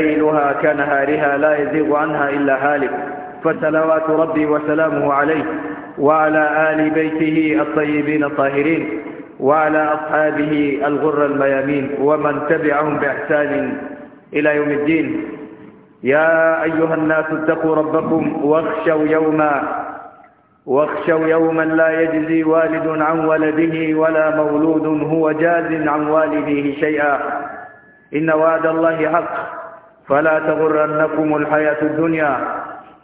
ليلها كنهارها لا يزيغ عنها إلا هالك فسلوات ربي وسلامه عليه وعلى آل بيته الطيبين الطاهرين وعلى أصحابه الغر الميامين ومن تبعهم بإحسان إلى يوم الدين يا أيها الناس اتقوا ربكم واخشوا يوما واخشوا يوما لا يجزي والد عن ولده ولا مولود هو جاز عن والده شيئا إن وعد الله حق فلا تغرنكم الحياة الدنيا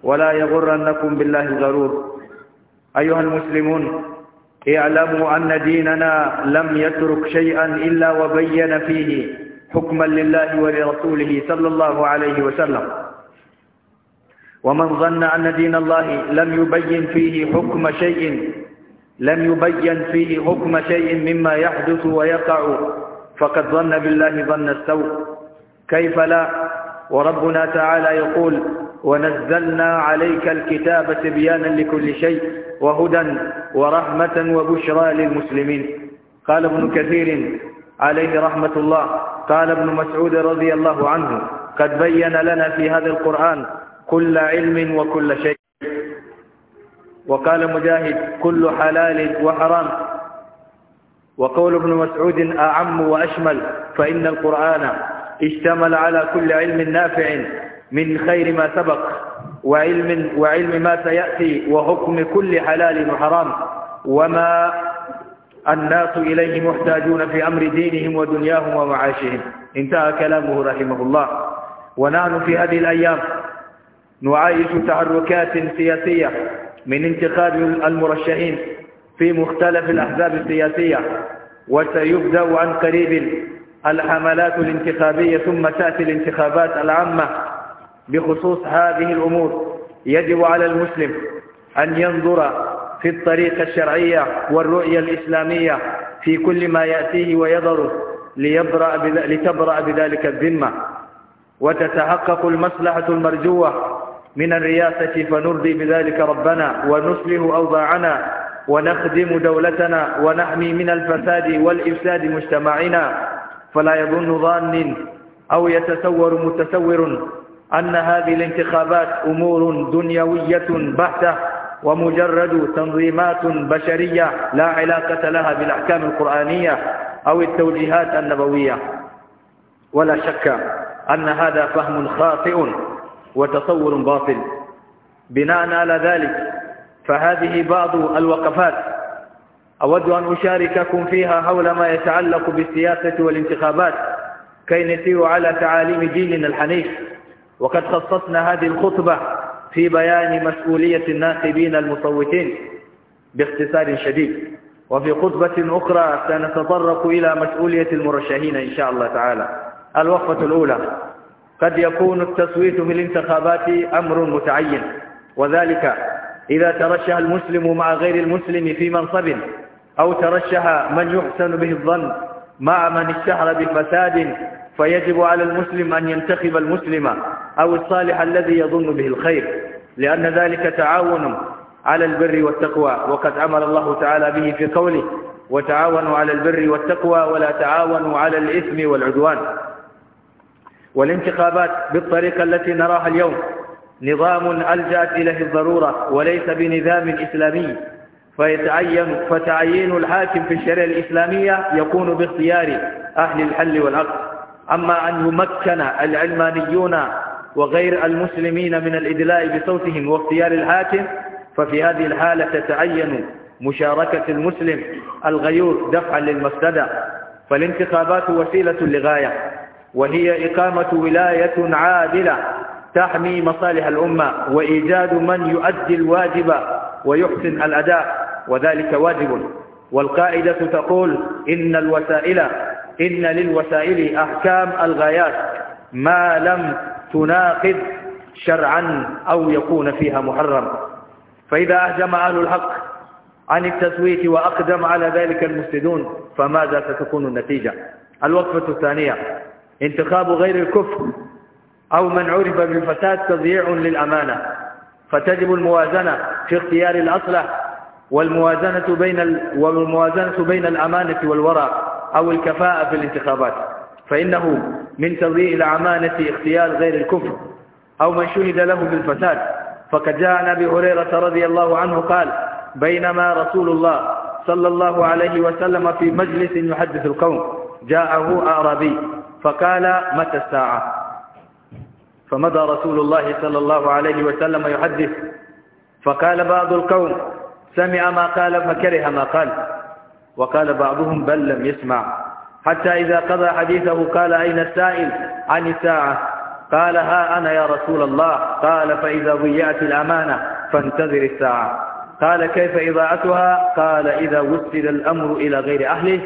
ولا يغرنكم بالله الغرور أيها المسلمون اعلموا أن ديننا لم يترك شيئا إلا وبين فيه حكما لله ولرسوله صلى الله عليه وسلم ومن ظن أن دين الله لم يبين فيه حكم شيء لم يبين فيه حكم شيء مما يحدث ويقع فقد ظن بالله ظن السوء كيف لا وربنا تعالى يقول ونزلنا عليك الكتاب تبيانا لكل شيء وهدى ورحمة وبشرى للمسلمين قال ابن كثير عليه رحمة الله قال ابن مسعود رضي الله عنه قد بين لنا في هذا القرآن كل علم وكل شيء وقال مجاهد كل حلال وحرام وقول ابن مسعود أعم وأشمل فإن القرآن اشتمل على كل علم نافع من خير ما سبق وعلم, وعلم ما سيأتي وحكم كل حلال وحرام وما الناس إليه محتاجون في أمر دينهم ودنياهم ومعاشهم انتهى كلامه رحمه الله ونحن في هذه الأيام نعايش تحركات سياسية من انتخاب المرشحين في مختلف الأحزاب السياسية وسيبدأ عن قريب الحملات الانتخابية ثم تأتي الانتخابات العامة بخصوص هذه الأمور يجب على المسلم أن ينظر في الطريقة الشرعية والرؤية الإسلامية في كل ما يأتيه ويضره ليبرأ لتبرأ بذلك الذمة وتتحقق المصلحة المرجوة من الرياسة فنرضي بذلك ربنا ونصله أوضاعنا ونخدم دولتنا ونحمي من الفساد والإفساد مجتمعنا فلا يظن ظان أو يتصور متصور أن هذه الانتخابات أمور دنيوية بحتة ومجرد تنظيمات بشرية لا علاقة لها بالأحكام القرآنية أو التوجيهات النبوية ولا شك أن هذا فهم خاطئ وتصور باطل بناء على ذلك فهذه بعض الوقفات أود أن أشارككم فيها حول ما يتعلق بالسياسة والانتخابات كي نسير على تعاليم ديننا الحنيف وقد خصصنا هذه الخطبة في بيان مسؤولية الناخبين المصوتين باختصار شديد وفي خطبة أخرى سنتطرق إلى مسؤولية المرشحين إن شاء الله تعالى الوقفة الأولى قد يكون التصويت في الانتخابات أمر متعين وذلك إذا ترشح المسلم مع غير المسلم في منصب أو ترشح من يحسن به الظن مع من اشتهر بفساد فيجب على المسلم أن ينتخب المسلم أو الصالح الذي يظن به الخير لأن ذلك تعاون على البر والتقوى وقد أمر الله تعالى به في قوله وتعاونوا على البر والتقوى ولا تعاونوا على الإثم والعدوان والانتخابات بالطريقة التي نراها اليوم نظام ألجأت إليه الضرورة وليس بنظام إسلامي فيتعين فتعيين الحاكم في الشريعة الإسلامية يكون باختيار أهل الحل والعقد أما أن يمكن العلمانيون وغير المسلمين من الإدلاء بصوتهم واختيار الحاكم ففي هذه الحالة تتعين مشاركة المسلم الغيور دفعا للمفسدة فالانتخابات وسيلة لغاية وهي إقامة ولاية عادلة تحمي مصالح الأمة وإيجاد من يؤدي الواجب ويحسن الأداء وذلك واجب والقاعدة تقول إن الوسائل إن للوسائل أحكام الغايات ما لم تناقض شرعا أو يكون فيها محرم فإذا أهجم أهل الحق عن التسويت وأقدم على ذلك المفسدون فماذا ستكون النتيجة الوقفة الثانية انتخاب غير الكفر أو من عرف بالفساد تضييع للأمانة فتجب الموازنة في اختيار الأصلح والموازنة بين والموازنة بين الأمانة والورع أو الكفاءة في الانتخابات فإنه من تضييع الأمانة اختيار غير الكفر أو من شهد له بالفساد فقد جاء عن أبي هريرة رضي الله عنه قال بينما رسول الله صلى الله عليه وسلم في مجلس يحدث القوم جاءه أعرابي فقال متى الساعة فمضى رسول الله صلى الله عليه وسلم يحدث فقال بعض القوم سمع ما قال فكره ما قال وقال بعضهم بل لم يسمع حتى إذا قضى حديثه قال أين السائل عن الساعة قال ها أنا يا رسول الله قال فإذا ضيعت الأمانة فانتظر الساعة قال كيف إضاعتها قال إذا وسد الأمر إلى غير أهله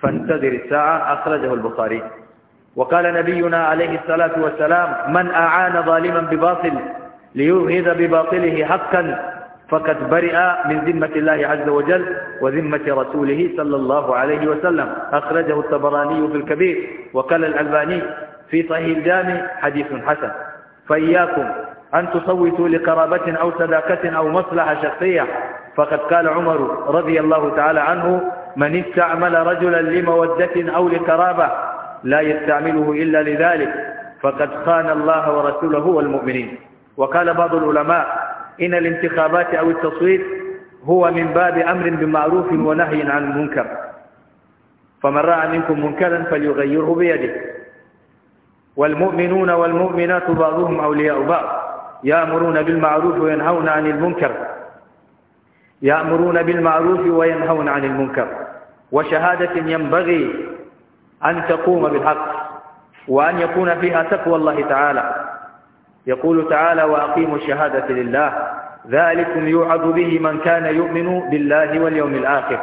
فانتظر الساعة أخرجه البخاري وقال نبينا عليه الصلاة والسلام من أعان ظالما بباطل ليوهد بباطله حقا فقد برئ من ذمة الله عز وجل وذمة رسوله صلى الله عليه وسلم أخرجه الطبراني في الكبير وقال الألباني في صحيح الجامع حديث حسن فإياكم أن تصوتوا لقرابة أو صداقة أو مصلحة شخصية فقد قال عمر رضي الله تعالى عنه من استعمل رجلا لمودة أو لقرابة لا يستعمله إلا لذلك فقد خان الله ورسوله والمؤمنين وقال بعض العلماء إن الانتخابات أو التصويت هو من باب أمر بمعروف ونهي عن المنكر فمن رأى منكم منكرا فليغيره بيده والمؤمنون والمؤمنات بعضهم أولياء بعض يأمرون بالمعروف وينهون عن المنكر يأمرون بالمعروف وينهون عن المنكر وشهادة ينبغي أن تقوم بالحق وأن يكون فيها تقوى الله تعالى يقول تعالى وأقيموا الشهادة لله ذلكم يوعظ به من كان يؤمن بالله واليوم الآخر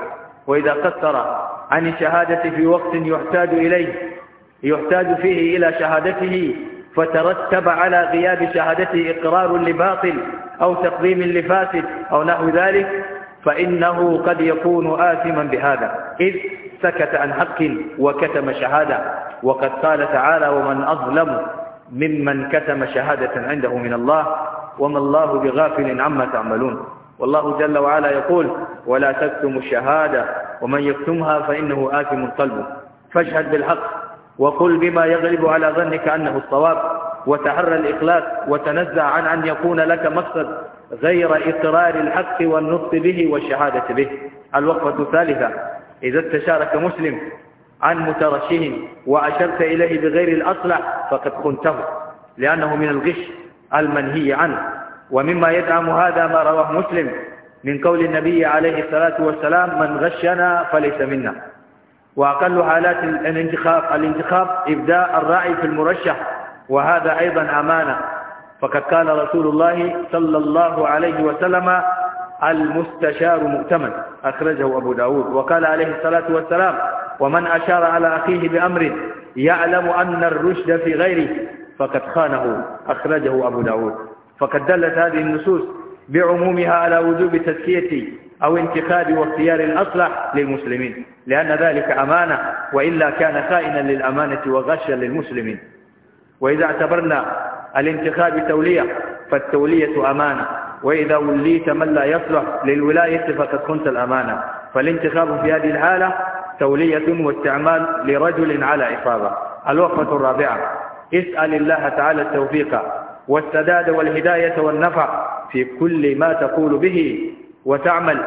وإذا قصر عن الشهادة في وقت يحتاج إليه يحتاج فيه إلى شهادته فترتب على غياب شهادته إقرار لباطل أو تقديم لفاسد أو نحو ذلك فإنه قد يكون آثما بهذا إذ سكت عن حق وكتم شهادة وقد قال تعالى ومن أظلم ممن كتم شهادة عنده من الله وما الله بغافل عما تعملون والله جل وعلا يقول ولا تكتموا الشهادة ومن يكتمها فإنه آثم قلبه فاشهد بالحق وقل بما يغلب على ظنك أنه الصواب وتحرى الإخلاص وتنزع عن أن يكون لك مقصد غير إقرار الحق والنص به والشهادة به الوقفة الثالثة إذا استشارك مسلم عن مترشهم وأشرت إليه بغير الأصلح فقد خنته لأنه من الغش المنهي عنه ومما يدعم هذا ما رواه مسلم من قول النبي عليه الصلاة والسلام من غشنا فليس منا وأقل حالات الانتخاب الانتخاب إبداء الرأي في المرشح وهذا أيضا أمانة فقد قال رسول الله صلى الله عليه وسلم المستشار مؤتمن أخرجه أبو داود وقال عليه الصلاة والسلام ومن أشار على أخيه بأمر يعلم أن الرشد في غيره فقد خانه أخرجه أبو داود فقد دلت هذه النصوص بعمومها على وجوب تزكية أو انتخاب واختيار الأصلح للمسلمين لأن ذلك أمانة وإلا كان خائنا للأمانة وغشا للمسلمين وإذا اعتبرنا الانتخاب تولية فالتولية أمانة وإذا وليت من لا يصلح للولاية فقد كنت الأمانة فالانتخاب في هذه الحالة تولية واستعمال لرجل على عصابة الوقفة الرابعة اسأل الله تعالى التوفيق والسداد والهداية والنفع في كل ما تقول به وتعمل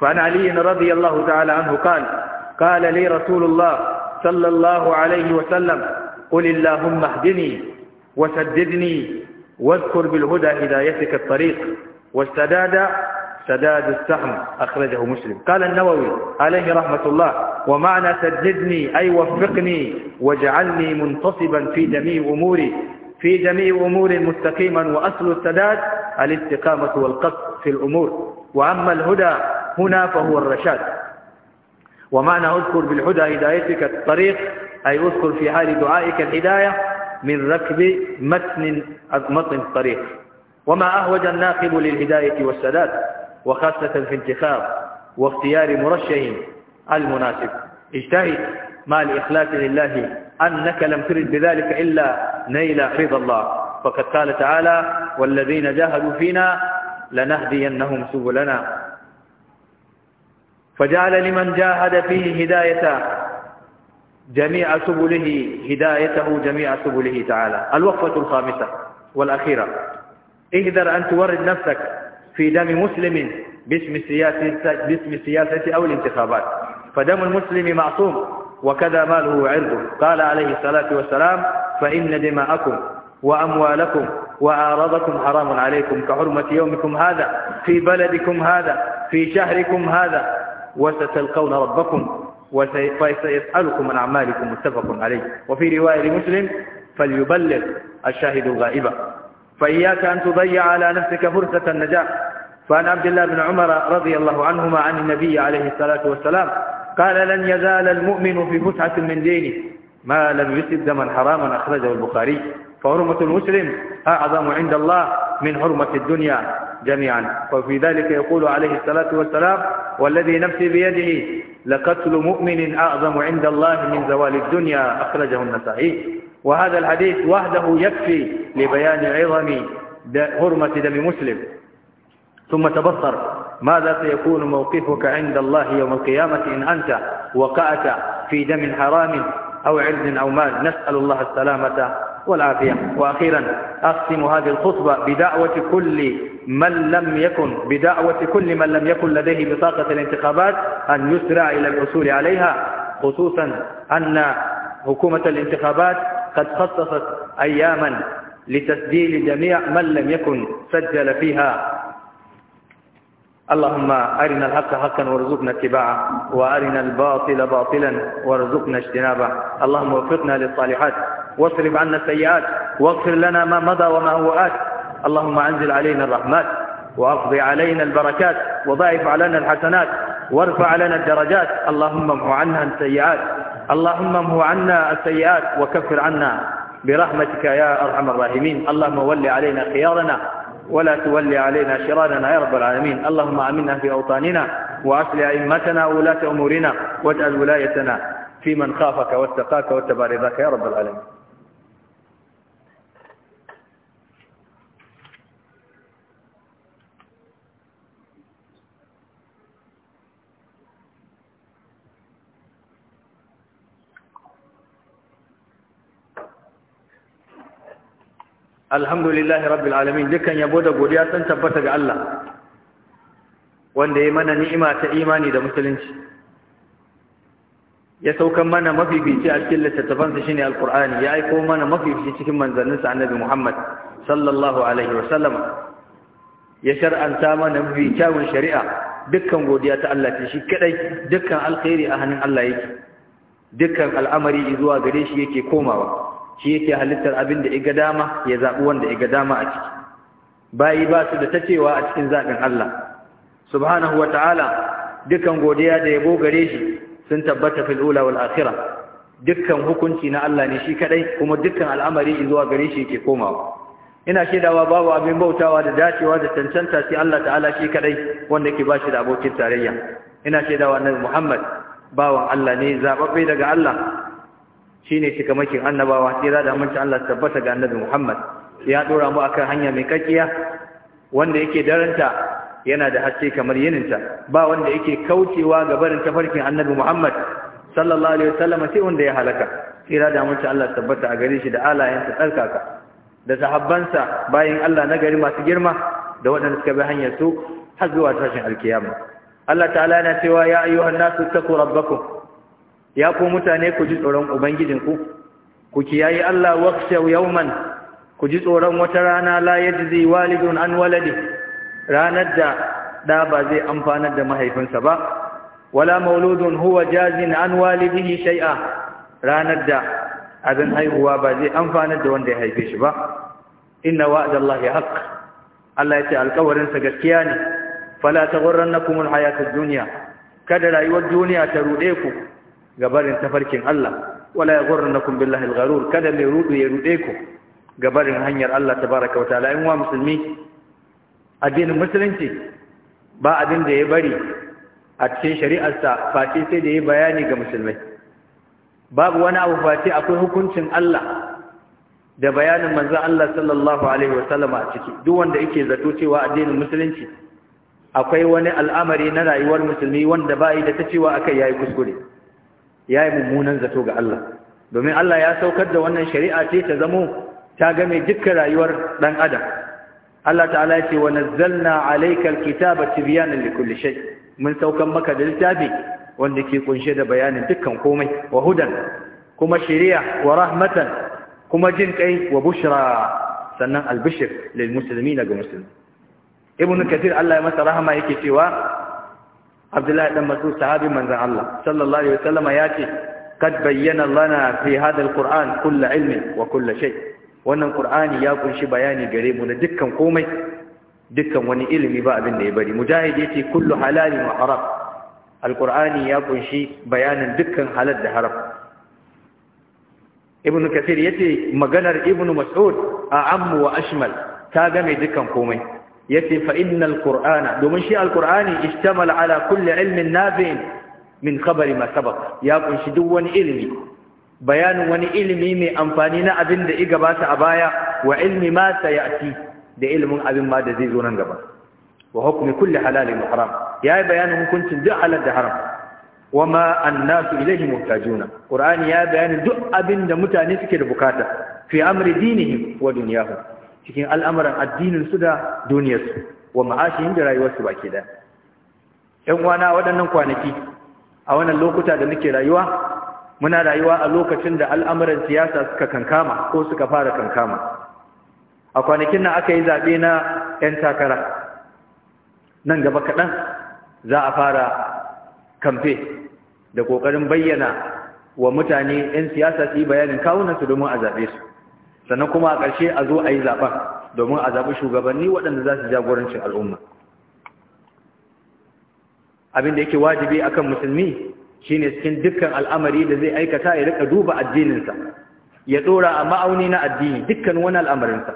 فعن علي رضي الله تعالى عنه قال قال لي رسول الله صلى الله عليه وسلم قل اللهم اهدني وسددني واذكر بالهدى هدايتك الطريق والسداد سداد السهم أخرجه مسلم قال النووي عليه رحمة الله ومعنى سددني أي وفقني واجعلني منتصبا في جميع أموري في جميع أمور مستقيما وأصل السداد الاستقامة والقصد في الأمور وأما الهدى هنا فهو الرشاد ومعنى اذكر بالهدى هدايتك الطريق أي اذكر في حال دعائك الهداية من ركب متن, مطن الطريق وما أهوج الناخب للهداية والسداد وخاصة في انتخاب واختيار مرشح المناسب اجتهد ما الإخلاص لله أنك لم ترد بذلك إلا نيل رضا الله فقد قال تعالى والذين جاهدوا فينا لنهدينهم سبلنا فجعل لمن جاهد فيه هداية جميع سبله هدايته جميع سبله تعالى الوقفة الخامسة والأخيرة اهدر أن تورد نفسك في دم مسلم باسم السياسة, باسم السياسة أو الانتخابات فدم المسلم معصوم وكذا ماله وعرضه قال عليه الصلاة والسلام فإن دماءكم وأموالكم وأعراضكم حرام عليكم كحرمة يومكم هذا في بلدكم هذا في شهركم هذا وستلقون ربكم وسيسألكم عن أعمالكم متفق عليه وفي رواية لمسلم فليبلغ الشاهد الغائبة فإياك أن تضيع على نفسك فرصة النجاح فعن عبد الله بن عمر رضي الله عنهما عن النبي عليه الصلاة والسلام قال لن يزال المؤمن في فسعة من دينه ما لم يسد دما حراما أخرجه البخاري فحرمة المسلم أعظم عند الله من حرمة الدنيا جميعا وفي ذلك يقول عليه الصلاة والسلام والذي نفسي بيده لقتل مؤمن أعظم عند الله من زوال الدنيا أخرجه النسائي وهذا الحديث وحده يكفي لبيان عظم حرمة دم مسلم ثم تبصر ماذا سيكون موقفك عند الله يوم القيامة إن أنت وقعت في دم حرام أو عرض أو مال نسأل الله السلامة والعافية وأخيرا أختم هذه الخطبة بدعوة كل من لم يكن بدعوة كل من لم يكن لديه بطاقة الانتخابات أن يسرع إلى الحصول عليها خصوصا أن حكومة الانتخابات قد خصصت أياما لتسجيل جميع من لم يكن سجل فيها اللهم أرنا الحق حقا وارزقنا اتباعه وأرنا الباطل باطلا وارزقنا اجتنابه اللهم وفقنا للصالحات واصرف عنا السيئات واغفر لنا ما مضى وما هو آت اللهم أنزل علينا الرحمات وأقضي علينا البركات وضاعف علينا الحسنات وارفع علينا الدرجات اللهم امحو عنا السيئات اللهم امحو عنا السيئات وكفر عنا برحمتك يا أرحم الراحمين اللهم ول علينا خيارنا ولا تولي علينا شرارنا يا رب العالمين اللهم آمنا في أوطاننا وأصل أئمتنا وولاة أمورنا واجعل ولايتنا في من خافك واتقاك واتبع رضاك يا رب العالمين alhamdulillahi rabbil alamin dukkan yabo da godiya sun tabbata ga Allah wanda ya mana ni'ima ta imani da musulunci ya saukan mana mafifici a cikin littattafansa shine alqur'ani ya aiko mana mafifici cikin manzanninsa annabi Muhammad sallallahu alaihi wa sallam ya shar'anta mana mafi kyawun shari'a dukkan godiya ta Allah ce shi kadai dukkan alkhairi a hannun Allah yake dukkan al'amari zuwa gare shi yake komawa shi yake halittar abin da iga dama ya zaɓi wanda iga dama a ciki bayi ba su da ta cewa a cikin zaɓin Allah subhanahu wa ta'ala dukan godiya da yabo gare shi sun tabbata fil ula wal akhirah dukkan hukunci na Allah ne shi kadai kuma dukkan al'amari zuwa gare shi yake komawa ina shaidawa babu abin bautawa da dacewa da cancanta sai Allah ta'ala shi kadai wanda ke bashi da abokin tarayya ina shaidawa annabi Muhammad bawan Allah ne zababbe daga Allah Shi ne shikamakin annabawa sai za da aminci Allah tabbata ga annabi Muhammad ya dora mu akan hanya mai kakkiya wanda yake daranta yana da haske kamar yininta ba wanda yake kaucewa ga barin tafarkin annabi Muhammad sallallahu alaihi wasallam sai wanda ya halaka za da aminci Allah tabbata a gare shi da alayensa tsarkaka da sahabbansa bayan Allah na gari masu girma da waɗanda suka bi hanyar su har zuwa tashin alkiyama Allah ta'ala yana cewa ya ayyuhan nasu taku rabbakum ya ku mutane ku ji tsoron ubangijinku ku kiyayi Allah waqshaw yawman ku ji tsoron wata rana la yajzi walidun an waladi ranar da ɗa ba zai amfanar da mahaifinsa ba wala mauludun huwa jazin an walidihi shai'a. ranar da abin haihuwa ba zai amfanar da wanda ya haife shi ba inna ya haƙ. Allah ya ce alƙawarin sa gaskiya ne fala taghurrannakum alhayatud duniya. kada rayuwar duniya ta rude ku gabarin tafarkin Allah wala yaghurrannakum billahi algharur kada mai rudu ya rude ku gabarin hanyar Allah baraka wata in wa musulmi addinin musulunci ba abin da ya bari a cikin shari'arsa face sai da ya bayani ga musulmai babu wani abu face akwai hukuncin Allah da bayanin manza Allah sallallahu alaihi a ciki duk wanda yake zato cewa addinin musulunci akwai wani al'amari na rayuwar musulmi wanda ba yi da ta cewa akai yayi kuskure ya yi mummunan zato ga Allah domin Allah ya saukar da wannan shari'a ce ta zamo ta game dukkan rayuwar ɗan adam Allah ta'ala ya ce wa nazzalna alaykal kitaba tibyanan likulli shay mun saukar maka da littafi wanda ke kunshe da bayanin dukkan komai wa hudan kuma shari'a wa rahmatan kuma jin kai wa bushra sannan albishir lil muslimina ga musulmi ibnu kathir Allah ya masa rahama yake cewa abdullahi dan mas'ud sahabi manzan Allah sallallahu alaihi wasallam ya ce kad bayyana lana fi hada alquran kullu ilmi, wa kulla shai. wannan kur'ani ya kunshi bayani gare mu na dukkan komai dukkan wani ilmi ba abin da ya bari mujahid ce kullu halalin wa haram alqur'ani ya kunshi bayanin dukkan halar da haram ibn ya ce maganar ibn mas'ud a'ammu wa ashmal ta game dukkan komai yace fa innal qur'ana domin shi alqur'ani ishtamal ala kulli ilmin nafi'in min khabari ma sabaq ya kunshi duk wani ilimi bayanin wani ilimi mai amfani na abin da iga ba a baya wa ilmi ma sayati da ilimin abin ma da zai zo nan gaba wa hukmi kulli halalin wa haram yayi bayanin hukuncin duk halal da haram wa ma annasu ilayhi muhtajuna qur'ani ya bayani duk abin da mutane suke da bukata fi amri dinihim wa dunyahum cikin al'amuran addinin su da duniyarsu su wa ma'ashin da rayuwarsu ba ke da ƴan uwana waɗannan kwanaki a wannan lokuta da muke rayuwa muna rayuwa a lokacin da al'amuran siyasa suka kankama ko suka fara kankama a kwanakin na aka yi zaɓe na 'yan takara nan gaba kaɗan za a fara kamfe da ƙoƙarin bayyana wa mutane 'yan siyasa su yi bayanin kawunansu domin a zaɓe su sannan kuma a ƙarshe a zo a yi zaɓen domin a zaɓi shugabanni waɗanda za su jagorancin al'umma abin da yake wajibi akan musulmi shine cikin dukkan al'amari da zai aikata ya rika duba addininsa ya ɗora a ma'auni na addini dukkan wani al'amarinsa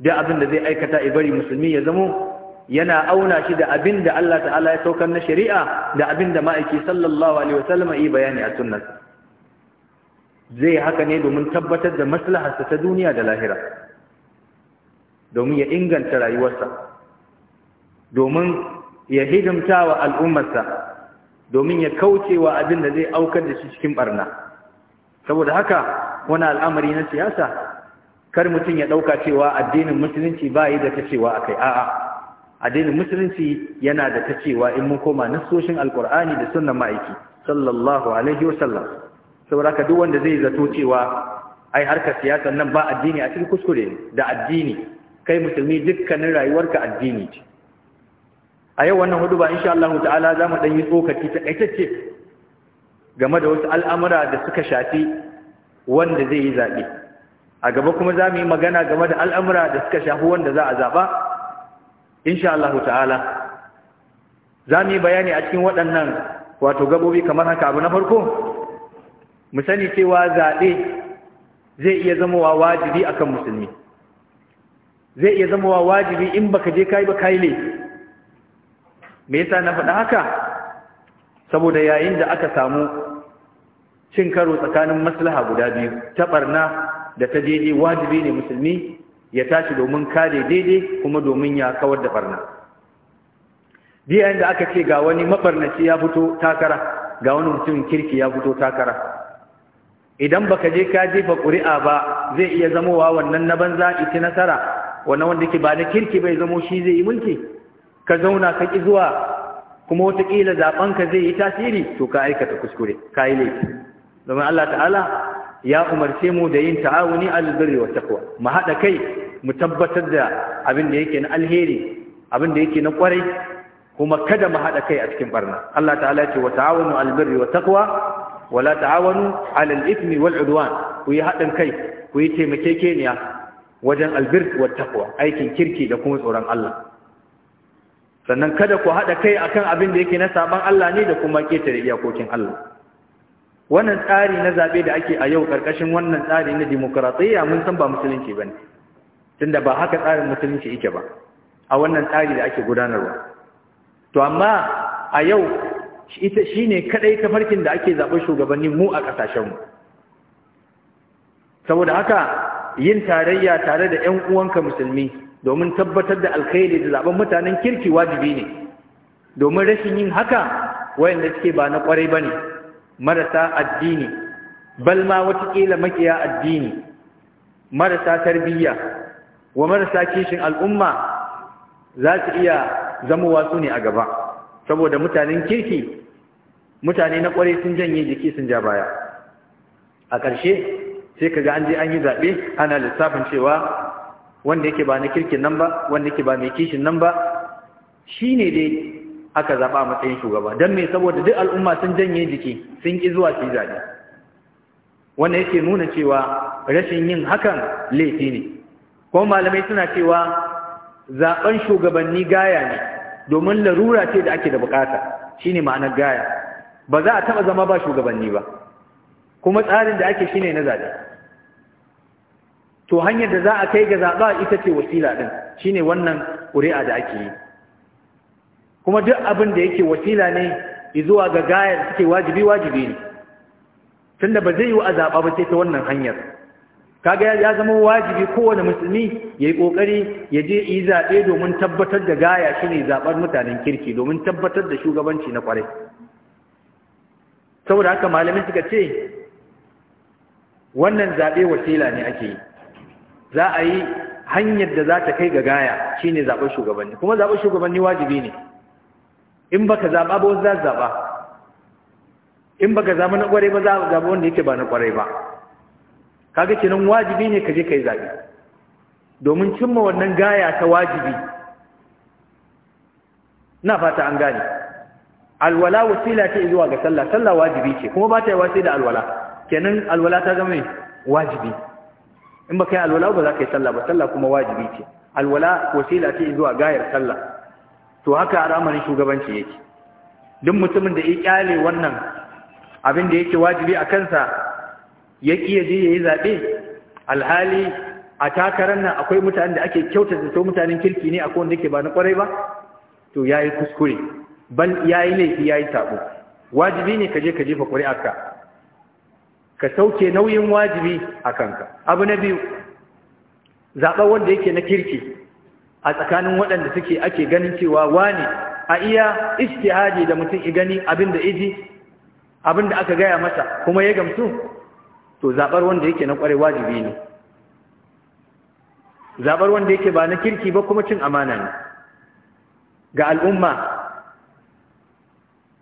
da abin da zai aikata ya bari musulmi ya zamo yana auna shi da abin da Allah ta'ala ya saukar na shari'a da abin da ma'aiki sallallahu alaihi Wasallama yi bayani a sunnarsa zai haka ne domin tabbatar da maslaharsa ta duniya da lahira domin ya inganta rayuwarsa domin ya hidimta wa al'ummarsa domin ya kauce wa abin da zai aukar da shi cikin barna saboda haka wani al'amari na siyasa kar mutum ya ɗauka cewa addinin musulunci ba yi da ta cewa a kai a'a addinin musulunci yana da ta cewa in mun koma nassoshin alkur'ani da sunan ma'aiki sallallahu alaihi wasallam saboda ka duk wanda zai zato cewa ai harkar siyasar nan ba addini a cikin kuskure da addini kai musulmi dukkanin rayuwarka addini ce a yau wannan hudu ba insha Allah ta'ala za mu ɗanyi tsokaci ta ƙaitacce game da wasu al'amura da suka shafi wanda zai yi zaɓe a gaba kuma za mu yi magana game da al'amura da suka shafi wanda za a zaɓa insha Allah ta'ala za mu yi bayani a cikin waɗannan wato gabobi kamar haka abu na farko mu sani cewa zaɓe zai iya zama wa wajibi akan musulmi zai iya zama wa wajibi in baka je kai ba kai laifi me yasa na faɗa haka saboda yayin da aka samu cin karo tsakanin maslaha guda biyu ta ɓarna da ta daidai wajibi ne musulmi ya tashi domin kare daidai kuma domin ya kawar da barna biyan da aka ce ga wani mabarnaci ya fito takara ga wani mutumin kirki ya fito takara idan baka je ka jefa ƙuri'a ba zai iya zamowa wannan na banza ita nasara wannan wanda ke ba na kirki bai zamo shi zai yi mulki ka zauna ka ƙi zuwa kuma wataƙila zaɓenka zai yi tasiri to ka aikata kuskure ka yi laifi domin Allah ta'ala ya umarce mu da yin ta'awuni albirri wa taqwa mu haɗa kai mu tabbatar da abin da yake na alheri abin da yake na kwarai, kuma kada mu haɗa kai a cikin barna Allah ta'ala ya ce wa ta'awunu albirri wa taqwa wala ta'awanu 'alal ithmi wal 'udwan ku yi hadin kai ku yi taimakekeniya wajen albir wa taqwa aikin kirki da kuma tsoron Allah sannan kada ku hada kai akan abin da yake na saban Allah ne da kuma ketare iyakokin Allah wannan tsari na zabe da ake a yau karkashin wannan tsari na demokratiyya mun san ba musulunci bane tunda ba haka tsarin musulunci yake ba a wannan tsari da ake gudanarwa to amma a yau ita shi ne ta tafarkin da ake zaɓar shugabanni mu a ƙasashenmu saboda haka yin tarayya tare da 'yan uwanka musulmi domin tabbatar da alkhairi da zaɓen mutanen kirki wajibi ne domin rashin yin haka wayanda suke ba na kwarai ne. marasa addini bal ma watakila makiya addini marasa tarbiyya wa marasa kishin al'umma za su iya zamowa su ne a gaba saboda mutanen kirki mutane na kwarai sun janye jiki sun ja baya a ƙarshe sai kaga an je an yi zaɓe ana lissafin cewa wanda yake ba na kirkin nan ba wanda yake ba mai kishin nan ba shi ne dai aka zaɓa a matsayin shugaba don me saboda duk al'umma sun janye jiki sun ƙi zuwa su yi zaɓe wanda yake nuna cewa rashin yin hakan laifi ne kuma malamai suna cewa zaɓen shugabanni gaya ne domin larura ce da ake da bukata shine ma'anar gaya ba za a taba zama ba shugabanni ba kuma tsarin da ake shine na zaɓe to hanyar da za a kai ga zaɓa ita ce wasila ɗin shine wannan ƙuri'a da ake yi kuma duk abin da yake wasila ne zuwa ga gayar suke wajibi wajibi ne tunda ba zai yi a zaɓa ba sai ta wannan hanyar kaga ya zama wajibi kowane musulmi ya yi ƙoƙari ya je yi zaɓe domin tabbatar da gaya shi ne zaɓar mutanen kirki domin tabbatar da shugabanci na ƙwarai saboda haka malamin suka ce wannan zaɓe wasila ne ake yi za a yi hanyar da za ta kai ga gaya shi ne zaɓar shugabanni kuma zaɓar shugabanni wajibi ne in ba ka zaɓa ba wasu za su zaɓa in ba ka zama na ƙwarai ba za a zaɓa wanda yake ba na ƙwarai ba kaga kenan wajibi ne ka je kai zabe domin cimma wannan gaya ta wajibi na fata an gane alwala wasila ce zuwa ga sallah sallah wajibi ce kuma ba ta yi wasi da alwala kenan alwala ta zama wajibi in ba kai alwala ba za ka yi sallah ba sallah kuma wajibi ce alwala wasila ce zuwa gayar sallah to haka al'amarin shugabanci yake duk mutumin da ya kyale wannan abin da yake wajibi a kansa ya kiya je yi zaɓe? alhali a takarar nan akwai mutanen da ake kyautata to mutanen kirki ne a kowane wanda ke ba na kwarai ba to ya yi kuskure bal yi laifi ya yi taɓo. wajibi ne ka je ka jefa aka ka sauke nauyin wajibi a kanka abu na biyu zaɓa wanda yake na kirki a tsakanin waɗanda suke ake ganin cewa wane a iya ishtihadi da mutum i gani abin da iji abin da aka gaya masa kuma ya gamsu to zabar wanda yake na kware wajibi ne zabar wanda yake ba na kirki ba kuma cin amana ne ga al'umma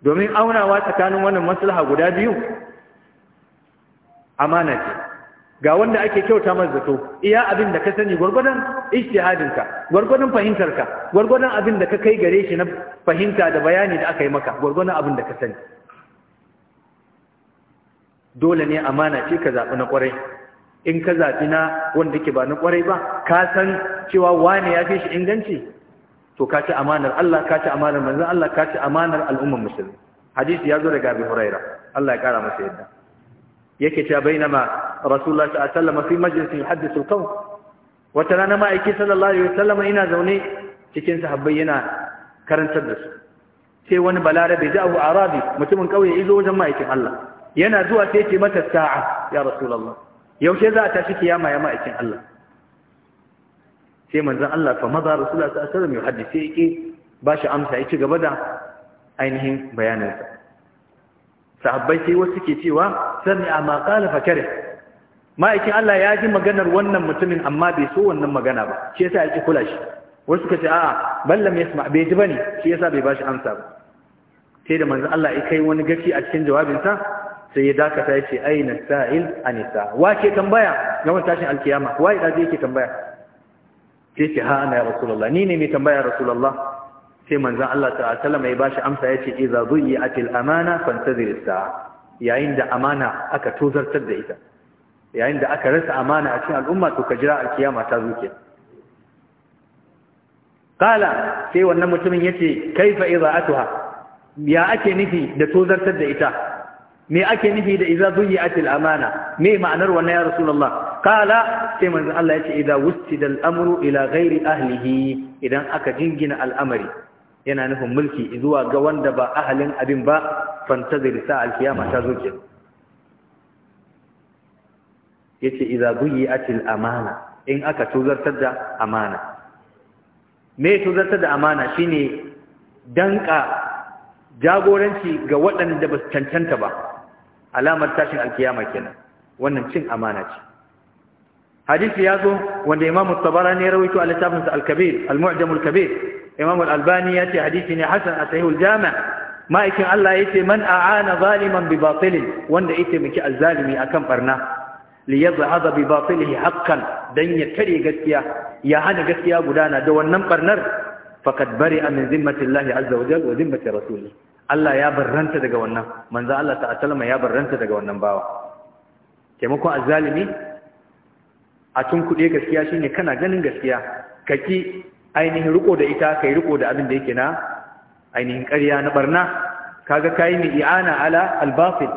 domin aunawa tsakanin wannan maslaha guda biyu amana ce ga wanda ake kyauta masa zato iya abin da ka sani ka, ijtihadinka fahimtar fahimtarka gurgurdan abin da ka kai gare shi na fahimta da bayani da aka yi maka gurgurdan abin da ka sani dole ne amana ce ka zaɓi na ƙwarai in ka zaɓi na wanda ke ba na ƙwarai ba ka san cewa wane ya fi shi inganci to ka ci amanar Allah ka ci amanar manzon Allah ka ci amanar al'ummar musulmi hadisi ya zo daga Abi Huraira Allah ya ƙara masa yadda yake cewa bainama Rasulullah sallallahu alaihi wasallam fi majlisin yuhaddithu al-qawm wata rana ma'aiki sallallahu alaihi sallama ina zaune cikin sahabbai yana karantar da su sai wani balarabe ja'u arabi mutumin kauye izo wajen ma'aikin Allah yana zuwa sai ce mata sa'a ya rasulullah yaushe za a tashi kiyama ya ma'aikin Allah sai manzon Allah fa maza rasulullah sallallahu alaihi wasallam ya haddace yake ba shi amsa yake ci gaba da ainihin sa sahabbai sai wasu ke cewa sami a maƙala fakare ma'aikin Allah ya ji maganar wannan mutumin amma bai so wannan magana ba shi yasa yake kula shi wasu ka ce a'a ballam ya sama bai ji bane shi yasa bai bashi amsa ba sai da manzon Allah ya kai wani gaci a cikin jawabinsa sai ya dakata yace aina sa'il anisa wa ke tambaya na wannan tashin alkiyama wai da yake tambaya sai ce ha ana ya rasulullah ni ne mai tambaya rasulullah sai manzon Allah ta'ala sallama ya bashi amsa yace idza dhuyi'atil amana fantazir as-sa'a yayin da amana aka tozartar da ita yayin da aka rasa amana a cikin al'umma to ka jira alkiyama ta zo kenan kala sai wannan mutumin yace kaifa idza'atuha ya ake nufi da tozartar da ita me ake nufi da idza dhuyat al-amana me ma'anar wannan ya rasulullah kala sai manzo Allah yace idza wustida al-amru ila ghairi ahlihi idan aka jingina al'amari yana nufin mulki zuwa ga wanda ba ahalin abin ba fantazir sa al-qiyama ta zuke yace idza dhuyat al-amana in aka tuzartar da amana me tuzartar da amana shine danka jagoranci ga waɗanda ba su cancanta ba alamar tashin alkiyama kenan wannan cin amana ce hadisi ya zo wanda imam tabarani ya rawaito a littafinsa al-kabir al-mu'jam al-kabir imam al-albani ya ce hadisi ne hasan a sahihul jami' ma'aikin Allah ya ce man a'ana zaliman bi batilin wanda ya taimaki al-zalimi akan barna li yadhhab bi batilihi haqqan dan ya tare gaskiya ya hana gaskiya gudana da wannan barnar faqad bari'a min zimmati Allah azza wa jalla wa zimmati rasulih Allah ya barranta daga wannan manzo Allah ta atalma ya barranta daga wannan bawa taimakon azzalimi a tun kuɗe gaskiya shine kana ganin gaskiya kaki ainihin riko da ita kai riko da abin da yake na ainihin ƙarya na barna kaga kai ni i'ana ala al-batil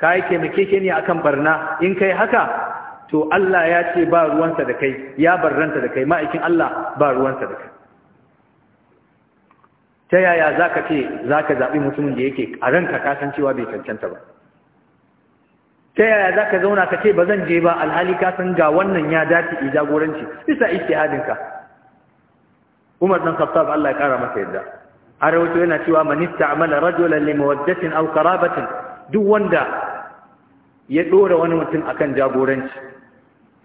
kai taimakekeniya akan barna in kai haka to Allah ya ce ba ruwansa da kai ya barranta da kai ma'aikin Allah ba ruwansa da kai ta yaya za ka ce za ka zaɓi mutumin da yake a ranka kasancewa bai cancanta ba ta yaya za ka zauna ka ce ba zan je ba alhali kasan ga wannan ya dace i jagoranci bisa hadinka Umar dan Khattab Allah ya kara masa yadda arawato yana cewa manista ista'mala rajulan li mawaddatin aw duk wanda ya ɗora wani mutum akan jagoranci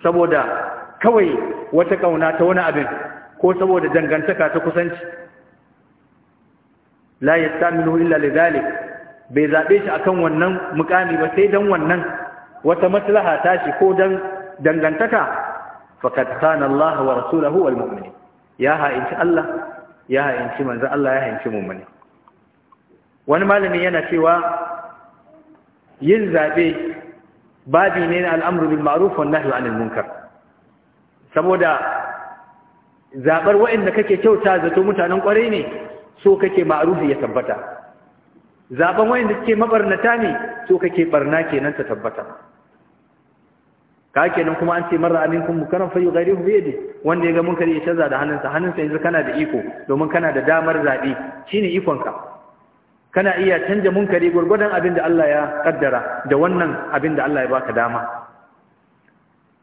saboda kawai wata ƙauna ta wani abin ko saboda dangantaka ta kusanci la yastamilu illa lidhalik bai zabe shi akan wannan mukami ba sai dan wannan wata maslaha ta shi ko dan dangantaka faqad kana Allah wa rasuluhu wal mu'minin ya ha inci Allah ya ha inci manzo Allah ya ha inci mu'mini wani malami yana cewa yin zabe babi ne na al'amru bil ma'ruf wan nahyi 'anil munkar saboda zabar waɗanda kake kyauta zato mutanen kwarai ne so kake ma'rufi ya tabbata zaben da suke mabarnata ne so kake barna kenan ta tabbata ka kenan kuma an ce marra aminkum mukaram fa yughayyihu bi yadi wanda yaga munkari ya canza da hannunsa hannunsa yanzu kana da iko domin kana da damar zabi shine ikonka kana iya canja munkari gurgurdan abin da Allah ya kaddara da wannan abin da Allah ya baka dama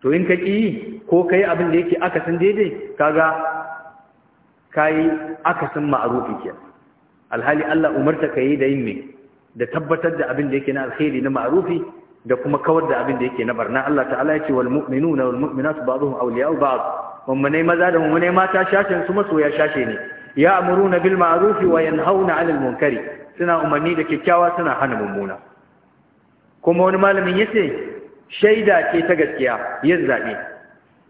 to in ka ƙi ko ka abin da yake akasin daidai kaga kayi akasin ma'rufin ke alhali Allah umarta ka yi da yin me da tabbatar da abin da yake na alkhairi na ma'arufi da kuma kawar da abin da yake na barna Allah ta'ala ya ce wal mu'minuna wal mu'minatu ba'dhum awliya'u ba'd mu'minai maza da mu'minai mata shashin su masoya shashe ne ya'muruna bil ma'arufi wa yanhauna 'anil munkari suna umarni da kyakkyawa suna hana mummuna kuma wani malamin yace shaida ce ta gaskiya yin zabe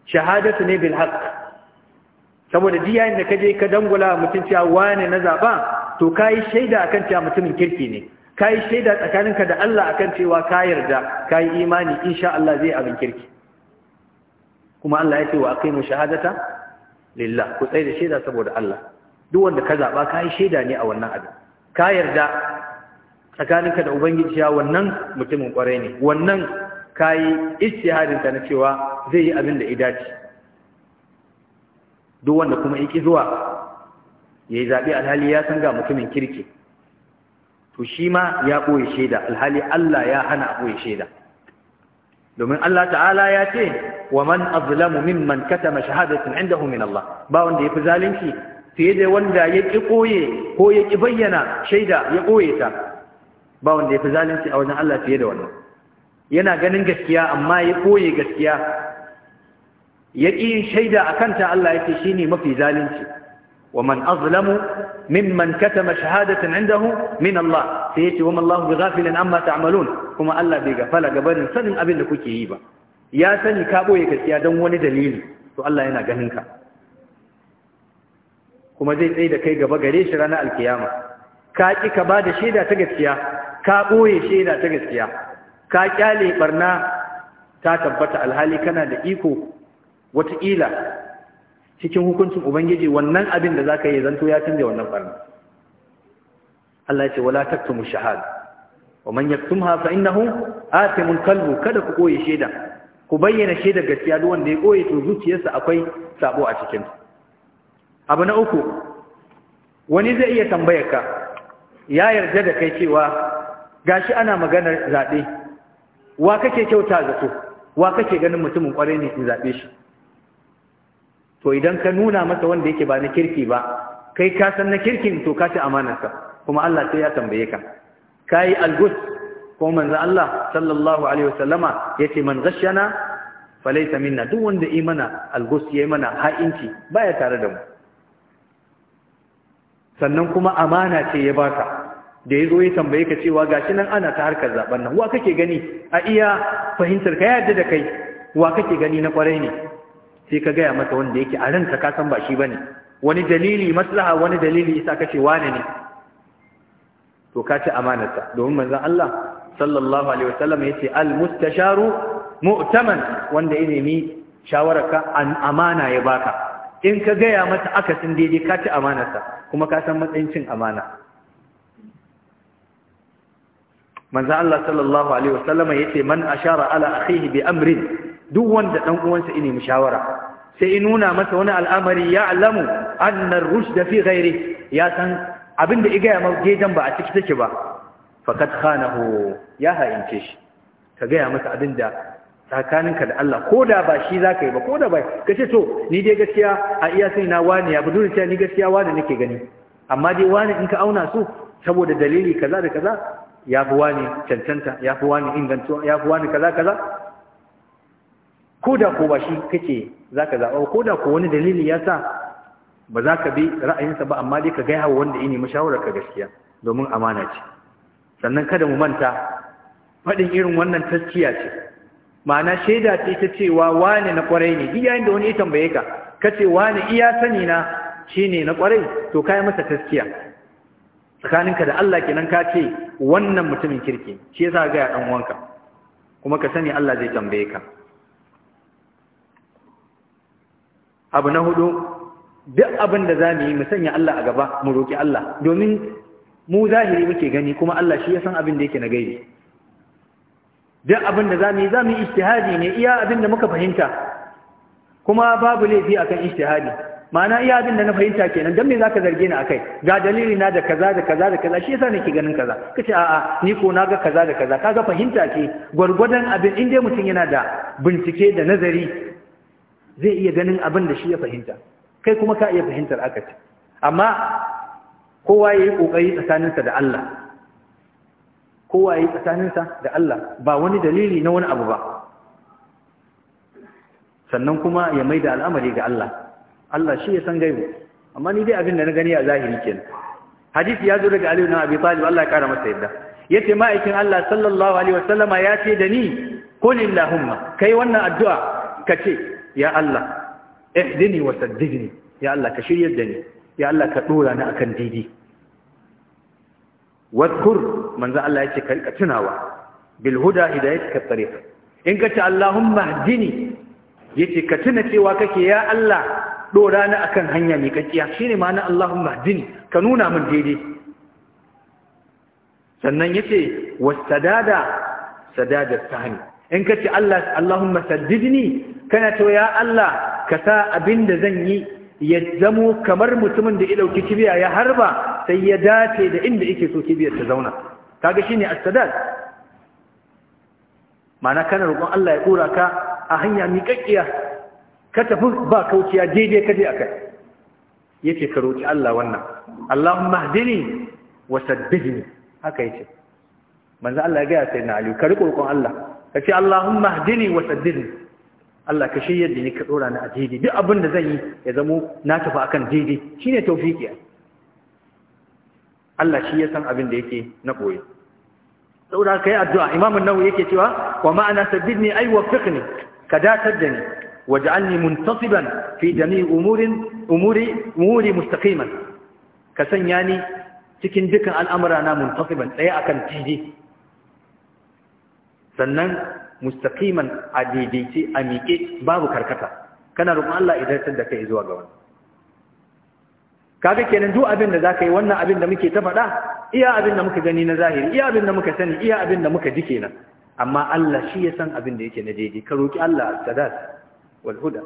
shahadatu ne bil haqq saboda diyayin da ka je ka dangula mutum cewa wane na zaba to kai shaida akan cewa mutumin kirki ne kai shaida tsakaninka da Allah akan cewa ka yarda kai imani insha Allah zai abin kirki kuma Allah ya ce wa aqimu shahadata lillah ku tsaya da shaida saboda Allah duk wanda ka zaba kai shaida ne a wannan abin ka yarda tsakaninka da ubangiji ya wannan mutumin kware ne wannan kai ijtihadin ta na cewa zai yi abin da idaci dace duk wanda kuma yake zuwa yayi zaɓi alhali ya san ga mutumin kirki to shi ma ya boye shaida alhali Allah ya hana a ɓoye shaida domin Allah ta'ala ya ce wa man azlamu mimman katama shahadatin indahu min Allah ba wanda yafi zalunci fiye da wanda ya ki koye ko ya ki bayyana shaida ya koye ta ba wanda yafi zalunci a wajen Allah fiye da wannan yana ganin gaskiya amma ya koye gaskiya ya ƙi shaida a kanta Allah ya ce shi ne mafi zalunci wa man azlamu mimman katama shahadatan indahu min Allah sai ya ce wa mallahu bi ghafilin amma ta'malun kuma Allah bai gafala gabarin sanin abin da kuke yi ba ya sani ka boye gaskiya don wani dalili to Allah yana ganin ka kuma zai tsaye da kai gaba gare shi ranar alkiyama ka ki ka ba da shaida ta gaskiya ka boye shaida ta gaskiya ka kyale barna ta tabbata alhali kana da iko wataƙila cikin hukuncin ubangiji wannan abin da za ka yi zanto ya canza wannan farin. Allah ya ce wala taktumu shahada wa man yaktumha fa innahu atimul qalbu kada ku koyi sheda ku bayyana sheda gaskiya duk wanda ya koyi to zuciyarsa akwai sabo a cikin abu na uku wani zai iya tambayar ka ya yarda da kai cewa gashi ana maganar zabe wa kake kyauta zato wa kake ganin mutumin kwarai ne in zabe shi to idan ka nuna masa wanda yake ba na kirki ba kai ka san na kirkin to ka ci amanarsa kuma Allah sai ya tambaye ka kai algus ko manzo Allah sallallahu alaihi wasallama yace man ghashana falaysa minna duk wanda imana algus yayi mana ha'inci baya tare da mu sannan kuma amana ce ya baka da ya zo ya tambaye ka cewa gashi nan ana ta harkar zaben nan wa kake gani a iya fahimtar ka yadda da kai wa kake gani na kwarai ne sai ka gaya masa wanda yake a ranka ka san ba shi bane wani dalili maslaha wani dalili isa kace wane ne to ka ci amanarsa domin manzon Allah sallallahu alaihi wasallam al mustasharu mu'taman wanda ya nemi shawararka an amana ya baka in ka gaya mata akasin daidai ka ci amanarsa kuma ka san matsayin cin amana manzon Allah sallallahu alaihi wasallam yace man ashara ala akhihi bi amrin duk wanda dan uwansa ine shawara sai in nuna masa wani al'amari ya alamu annar rushd fi ghairi ya san abinda ba a ciki take ba faqad khanahu ya haince shi ka ga ya masa da tsakaninka da Allah ko da ba shi za ka yi ba ko da ba ka ce to ni dai gaskiya a iya sai na wani ya budu ni gaskiya wani nake gani amma dai wani in ka auna su saboda dalili kaza da kaza ya fi wani cancanta ya fi wani ingantuwa ya fi wani kaza kaza ko da ko ba shi kake za ka zaɓa ko da ko wani dalili ya sa ba za ka bi ra'ayinsa ba amma dai ka gaya wa wanda ya nemi ka gaskiya domin amana ce sannan kada mu manta faɗin irin wannan taskiya ce ma'ana shaida ce ta cewa wane na kwarai ne duk yayin da wani ya tambaye ka ka ce wane iya sani na shine na kwarai to kai masa taskiya tsakaninka da Allah kenan ka ce wannan mutumin kirki shi yasa ga ɗan wanka? kuma ka sani Allah zai tambaye ka abu na hudu duk abin da za mu yi mu sanya Allah a gaba mu roƙi Allah domin mu zahiri muke gani kuma Allah shi ya san abin da yake na gaibi duk abin da za mu yi za mu yi ijtihadi ne iya abin da muka fahimta kuma babu laifi akan ijtihadi ma'ana iya abin da na fahimta kenan dan me zaka zarge ni akai ga dalili na da kaza da kaza da kaza shi yasa nake ganin kaza kace a'a ni ko na ga kaza da kaza kaga fahimta ce gurgurdan abin inda mutum yana da bincike da nazari zai iya ganin abin da shi ya fahimta kai kuma ka iya fahimtar aka ce amma kowa ya yi ƙoƙari tsakaninsa da Allah kowa ya yi tsakaninsa da Allah ba wani dalili na wani abu ba sannan kuma ya mai da al'amari ga Allah Allah shi ya san gaibu amma ni dai abin da na gani a zahiri kenan hadisi ya zo daga Aliyu na Abi Talib Allah ya kara masa yadda yace ma'aikin Allah sallallahu alaihi wasallama ya ce da ni qul kai wannan addu'a ka ce.' ya Allah ihdini wa saddidni ya Allah ka shiryar da ni ya Allah ka dora ni akan didi wadkur manzo Allah yake ka rika tunawa bil huda hidayatika tariq in ka ce Allahumma hdini yace ka tuna cewa kake ya Allah dora ni akan hanya mai kakkiya shine ma'ana Allahumma hdini ka nuna min daidai sannan yace wasadada sadada sahani in ka ce Allah Allahumma saddidni kana to ya Allah ka sa abin da zan yi ya zamo kamar mutumin da ya dauki kibiya ya harba sai ya dace da inda yake so kibiyar ta zauna kaga shine as-sadad ma'ana kana roƙon Allah ya dora ka a hanya kakkiya ka tafi ba kauciya daidai ka je akai yace ka roki Allah wannan Allahumma hdini wa saddidni haka yace manzo Allah ya ga sai na Ali ka roƙon Allah ka ce Allahumma hdini wa saddini Allah ka shiryar da ka tsora ni a daidai duk abin da zan yi ya zamo na tafi akan daidai shine tawfiki Allah shi ya san abin da yake na koyi saboda kai addu'a Imam an yake cewa wa ma'ana saddini ay ne ka datar da ni waj'alni muntasiban fi jami'i umuri umuri ka sanya ni cikin dukan al'amura na muntasiban tsaye akan daidai sannan mustaqiman a daidaice a miƙe babu karkata kana roƙon Allah idan tar da kai zuwa ga wannan kaga kenan duk abin da zaka yi wannan abin da muke ta faɗa iya abin da muka gani na zahiri iya abin da muka sani iya abin da muka ji kenan amma Allah shi ya san abin da yake na daidai ka roki Allah sadat wal huda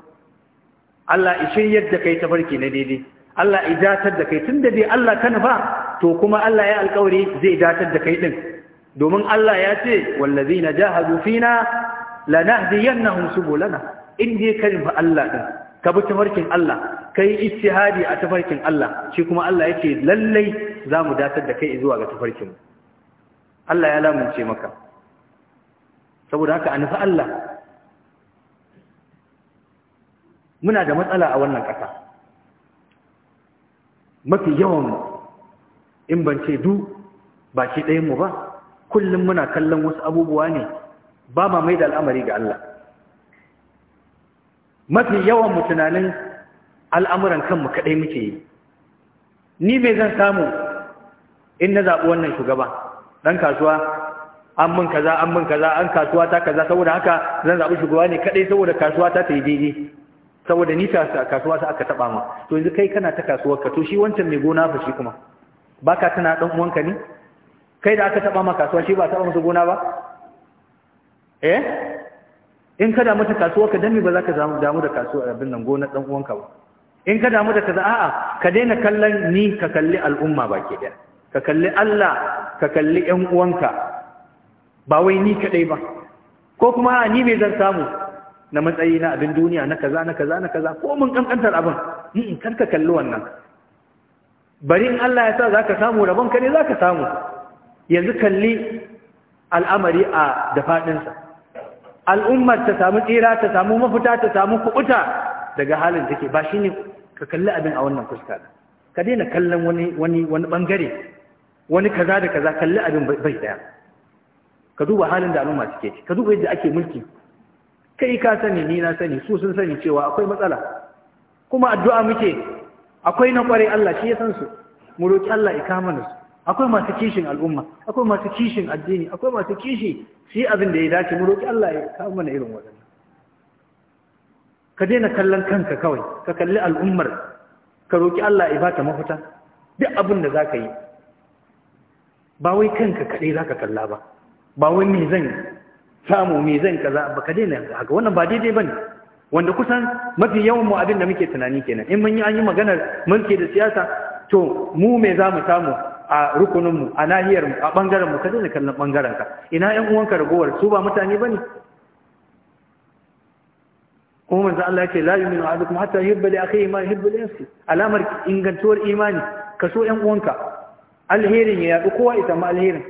Allah ishe yadda kai tafarki na daidai Allah idatar da kai tunda dai Allah kana ba to kuma Allah ya alƙawari zai datar da kai din domin Allah ya ce wallazina jahadu fina lanahdiyannahum subulana in dai ka fa Allah din ka bi tafarkin Allah kai hadi a tafarkin Allah shi kuma Allah yake lallai zamu datar da kai zuwa ga tafarkin Allah ya lamunce maka saboda haka a nufi Allah muna da matsala a wannan ƙasa mafi yawan in ban ce du baki ɗayanmu ba kullum muna kallon wasu abubuwa ne ba ma mai da al'amari ga Allah mafi yawan mu tunanin al'amuran kanmu kaɗai muke yi ni mai zan samu in na zaɓi wannan shugaba ɗan kasuwa an mun kaza an mun kaza an kasuwa ta kaza saboda haka zan zaɓi shugaba ne kaɗai saboda kasuwa ta ta yi daidai saboda ni kasuwa ta aka taɓa ma to yanzu kai kana ta kasuwar ka to shi wancan mai gona fa shi kuma baka tana dan uwanka ne kai da aka taba maka kasuwa shi ba taba musu gona ba eh in ka damu da kasuwa ka dami ba za ka damu da kasuwa abin nan gonar dan uwanka ba in ka damu da kaza a'a ka daina kallon ni ka kalli al'umma baki daya ka kalli Allah ka kalli ƴan uwanka ba wai ni kadai ba ko kuma ni me zan samu na matsayi na abin duniya na kaza na kaza na kaza ko mun kankantar abin kar ka kalli wannan bari in Allah ya sa zaka samu rabon ka ne zaka samu yanzu kalli al'amari a da faɗinsa al'ummar ta samu tsira ta samu mafita ta samu kuɓuta daga halin take ba shi ne ka kalli abin a wannan fuska ka daina kallon wani wani wani bangare wani kaza da kaza kalli abin bai daya ka duba halin da al'umma suke ka duba yadda ake mulki kai ka sani ni na sani su sun sani cewa akwai matsala kuma addu'a muke akwai na kware Allah shi ya san su mu roki Allah ya kama su akwai masu kishin al'umma akwai masu kishin addini akwai masu kishi su yi abin da ya dace mu roƙi Allah ya kawo mana irin waɗannan ka daina kallon kanka kawai ka kalli al'ummar ka roƙi Allah ya bata mafita duk abin da zaka yi ba wai kanka kaɗai zaka kalla ba ba wai me zan samu me zan kaza ba ka daina haka wannan ba daidai bane wanda kusan mafi yawan mu abin da muke tunani kenan in mun yi an yi maganar mulki da siyasa to mu me za mu samu a rukuninmu a nahiyarmu a ɓangarenmu ka daina kallon ɓangarenka ina ‘yan uwanka ragowar su ba mutane ba ne kuma manzo Allah yake la yu'minu ahadukum hatta yuhibba li akhihi ma yuhibbu li nafsihi alamar ingantuwar imani ka so ‘yan uwanka alherin ya yaɗu kowa ita ma alherin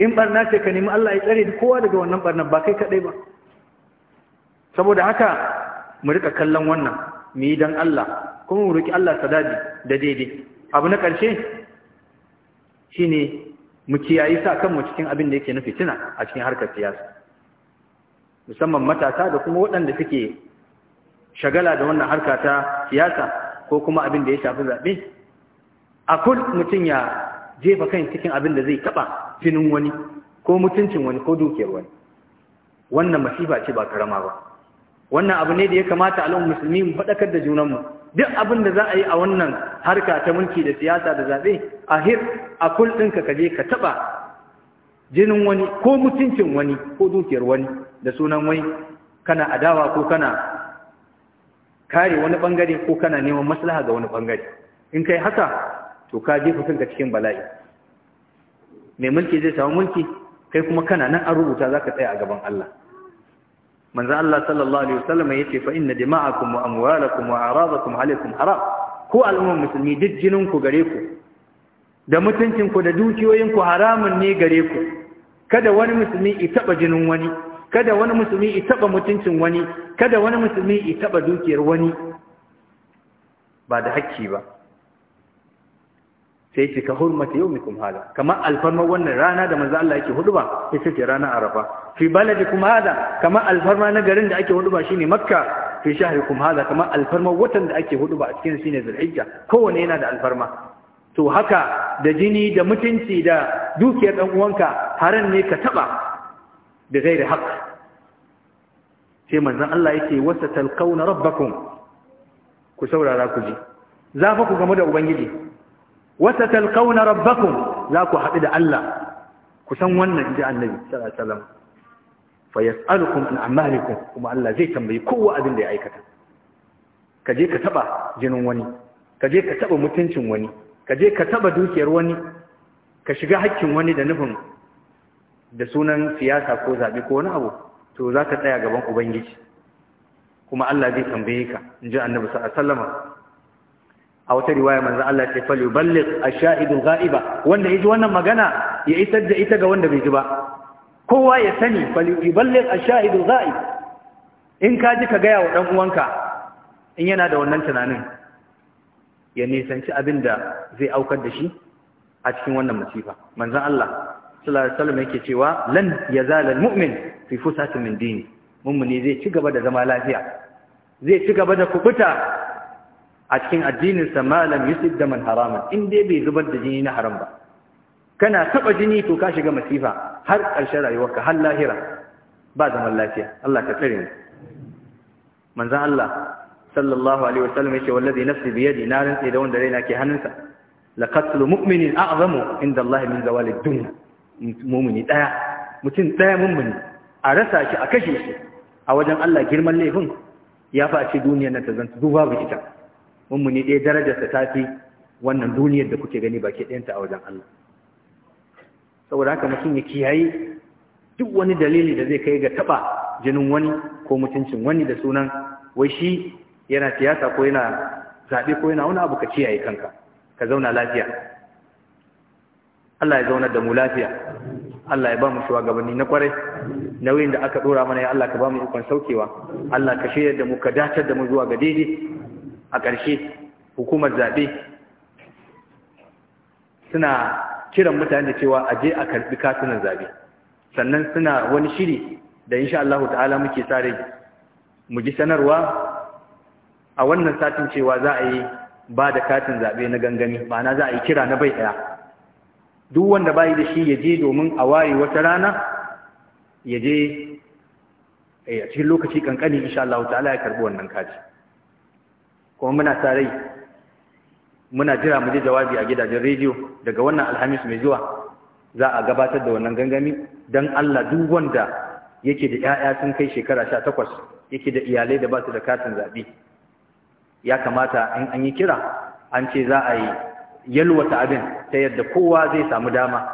in barna ce ka nemi Allah ya tsare kowa daga wannan barnar ba kai kadai ba saboda haka mu rika kallon wannan mu yi don Allah kuma mu roki Allah sadadi da daidai abu na ƙarshe shine mu kiyayi sa kanmu cikin abin da yake na fitina a cikin harkar siyasa musamman matasa da kuma waɗanda suke shagala da wannan harka ta siyasa ko kuma abin da ya shafi zaɓe a kul mutum ya jefa kan cikin abin da zai taɓa finin wani ko mutuncin wani ko dukiyar wani wannan masifa ce ba karama ba wannan abu ne da ya kamata al'ummar musulmi mu faɗakar da junanmu duk abin da za a yi a wannan harka ta mulki da siyasa da zaɓe a hir a kul ɗinka ka je ka taɓa jinin wani ko mutuncin wani ko dukiyar wani da sunan wai kana adawa ko kana kare wani ɓangare ko kana neman maslaha ga wani ɓangare in kai haka to ka ku kanka cikin bala'i mai mulki zai samu mulki kai kuma kana nan an rubuta za ka tsaya a gaban Allah manzo Allah sallallahu alaihi wasallam yace fa inna dima'akum wa amwalakum wa a'radakum alaikum haram ku al'umman musulmi duk jinin ku gare ku da mutuncin ku da dukiyoyin ku haramun ne gare ku kada wani musulmi ya taba jinin wani kada wani musulmi ya taba mutuncin wani kada wani musulmi ya taba dukiyar wani ba da hakki ba sai ce ka hurmata yau mikum hada kamar alfarma wannan rana da manzo Allah yake ba, ita ce rana arafa fi kuma hada kamar alfarma na garin da ake huduba shine makka fi kuma hada kamar alfarma watan da ake ba a cikin shine zulhijja kowanne yana da alfarma to haka da jini da mutunci da dukiyar dan uwanka haran ne ka taba da gairi haq sai manzon Allah yake wasa talqauna rabbakum ku saurara ku ji za fa ku game da ubangiji wata talƙauna rabbakun za ku haɗu da Allah ku san wannan ji annabi sallallahu fa yas'alukum an a'malikum kuma Allah zai tambayi kowa abin da ya aikata ka je ka taba jinin wani ka je ka taba mutuncin wani ka je ka taba dukiyar wani ka shiga haƙƙin wani da nufin da sunan siyasa ko zabe ko wani abu to za ka tsaya gaban ubangiji kuma Allah zai tambaye ka in ji annabi sallallahu alaihi wasallam a wata riwaya manzon Allah ce fal yuballigh ash-shahidu ghaiba wanda yaji wannan magana ya isar da ita ga wanda bai ji ba kowa ya sani fal yuballigh ash-shahidu ghaib in ka ji ka gaya wa dan uwanka in yana da wannan tunanin ya nisanci abin da zai aukar da shi a cikin wannan masifa manzon Allah sallallahu alaihi wasallam yake cewa lan yazala al-mu'min fi fusatin min dini mummuni zai ci gaba da zama lafiya zai ci gaba da kubuta a cikin addininsa malam yusuf da man haraman in bai zubar da jini na haram ba kana taba jini to ka shiga masifa har ƙarshen rayuwarka har lahira ba zaman lafiya Allah ka tsare Manzan Allah sallallahu alaihi wasallam yace wallazi nafsi bi yadi narin sai da wanda raina ke hannunsa la qatlu mu'minin a'zamu inda Allah min zawalid dunya mu'mini daya mutum daya mu'mini a rasa shi a kashe shi a wajen Allah girman laifin ya fa a ce duniyar nan ta zanta duba babu ita mummuni ɗaya darajarsa ta fi wannan duniyar da kuke gani baki ɗayanta a wajen Allah saboda haka mutum ya kiyaye duk wani dalili da zai kai ga taɓa jinin wani ko mutuncin wani da sunan wai shi yana siyasa ko yana zaɓe ko yana wani abu ka kiyaye kanka ka zauna lafiya Allah ya zauna da mu lafiya Allah ya ba mu shugabanni na kwarai nauyin da aka ɗora mana ya Allah ka ba mu ikon saukewa Allah ka shirya da mu ka dacar da mu zuwa ga daidai a ƙarshe hukumar zaɓe suna kiran mutane da cewa a je a karɓi katunan zaɓe sannan suna wani shiri da insha Allah ta'ala muke tsare, mu ji sanarwa a wannan satin cewa za a yi ba da katin zaɓe na gangami ma'ana za a yi kira na bai ɗaya duk wanda bayi da shi ya je domin a waye wata rana ya je eh, a cikin lokaci kankani insha Allah ta'ala ya karɓi wannan katin kuma muna sa rai, muna jira mu ji jawabi a gidajen rediyo daga wannan alhamis mai zuwa za a gabatar da wannan gangami don Allah duk wanda yake da 'ya'ya sun kai shekara sha takwas yake da iyalai da ba su da katin zaɓe ya kamata in an yi kira an ce za a yi yalwata abin ta yadda kowa zai samu dama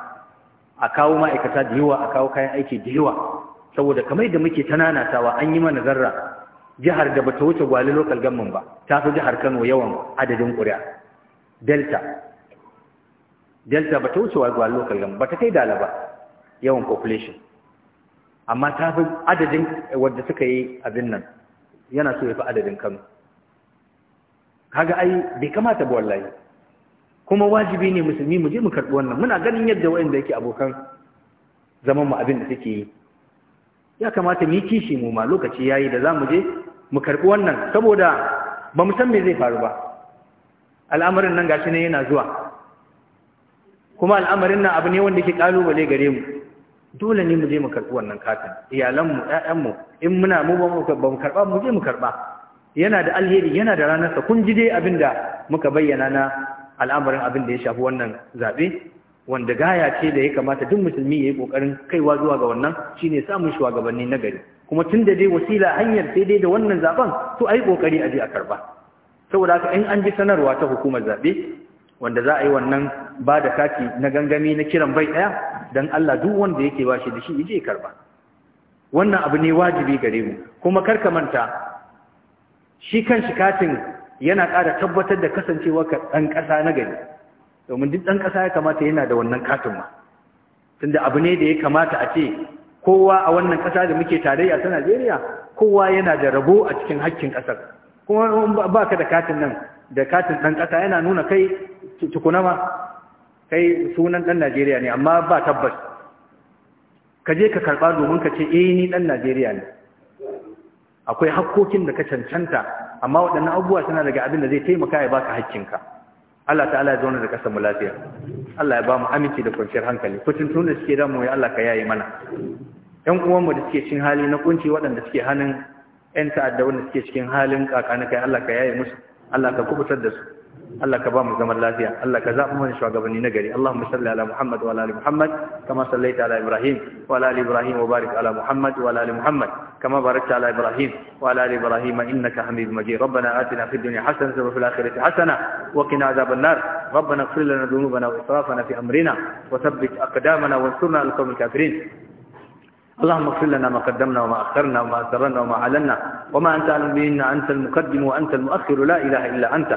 a kawo ma'aikata da yawa a kawo kayan aiki da yawa saboda kamar da muke tananatawa an yi mana zarra jihar da bata wuce gwali local government ba ta fi jihar Kano yawan adadin ƙuri'a delta delta bata wuce gwali local government bata kai dala ba yawan population amma ta fi adadin wadda suka yi abin nan yana so ya fi adadin Kano kaga ai bai kamata ba wallahi kuma wajibi ne musulmi mu je mu karɓi wannan muna ganin yadda waɗanda yake abokan zaman mu abin da suke yi ya kamata mu kishi mu ma lokaci yayi da zamu je mu karbi wannan saboda ba mu san me zai faru ba al'amarin nan gashi ne yana zuwa kuma al'amarin nan abu ne wanda yake bale gare mu dole ne mu je mu karbi wannan katin iyalan mu ƴaƴan mu in muna mu ba mu karba mu je mu karba yana da alheri yana da ranar sa kun ji dai abinda muka bayyana na al'amarin abin da ya shafi wannan zabe wanda gaya ce da ya kamata duk musulmi ya yi ƙoƙarin kaiwa zuwa ga wannan shine samun shugabanni na gari kuma tun da dai wasila hanyar sai dai da wannan zaben to yi kokari a je a karba saboda haka in an ji sanarwa ta hukumar zaɓe, wanda za a yi wannan ba da kati na gangami na kiran bai ɗaya, dan Allah duk wanda yake bashi da shi yaje karba wannan abu ne wajibi gare mu kuma karka manta shi kan shi katin yana ƙara tabbatar da kasancewa ɗan ƙasa na gari domin duk ɗan ƙasa ya kamata yana da wannan katin ma tunda abu ne da ya kamata a ce kowa a wannan ƙasa da muke tarayya ta Najeriya kowa yana da rabo a cikin haƙƙin ƙasar kuma ba ka da katin nan da katin ɗan ƙasa yana nuna kai tukuna ma kai sunan ɗan Najeriya ne amma ba tabbas ka je ka karɓa domin ka ce eh ni ɗan Najeriya ne akwai hakkokin da ka cancanta amma waɗannan abubuwa suna daga abin da zai taimaka ya baka haƙƙinka Allah ta'ala ya zauna da kasar mu lafiya Allah ya ba mu aminci da kwanciyar hankali kucin tun da suke damu ya Allah ka yaye mana ƴan uwanmu da suke cin hali na kunci waɗanda suke hannun ƴan ta'adda wanda suke cikin halin kaka na kai Allah ka yaye musu Allah ka kubutar da su Allah ka ba mu zaman lafiya Allah ka zaɓi mani shugabanni na gari Allahumma salli ala Muhammad wa ala ali Muhammad kama sallaita ala Ibrahim wa ala ali Ibrahim wa barik ala Muhammad wa ala Muhammad kama barakta ala Ibrahim wa ala Ibrahim innaka Hamidum Majid Rabbana atina fid dunya wa fil akhirati wa qina adhaban nar Rabbana ighfir lana dhunubana wa israfana fi amrina wa thabbit aqdamana kafirin اللهم اغفر لنا ما قدمنا وما وما وما وما المقدم المؤخر لا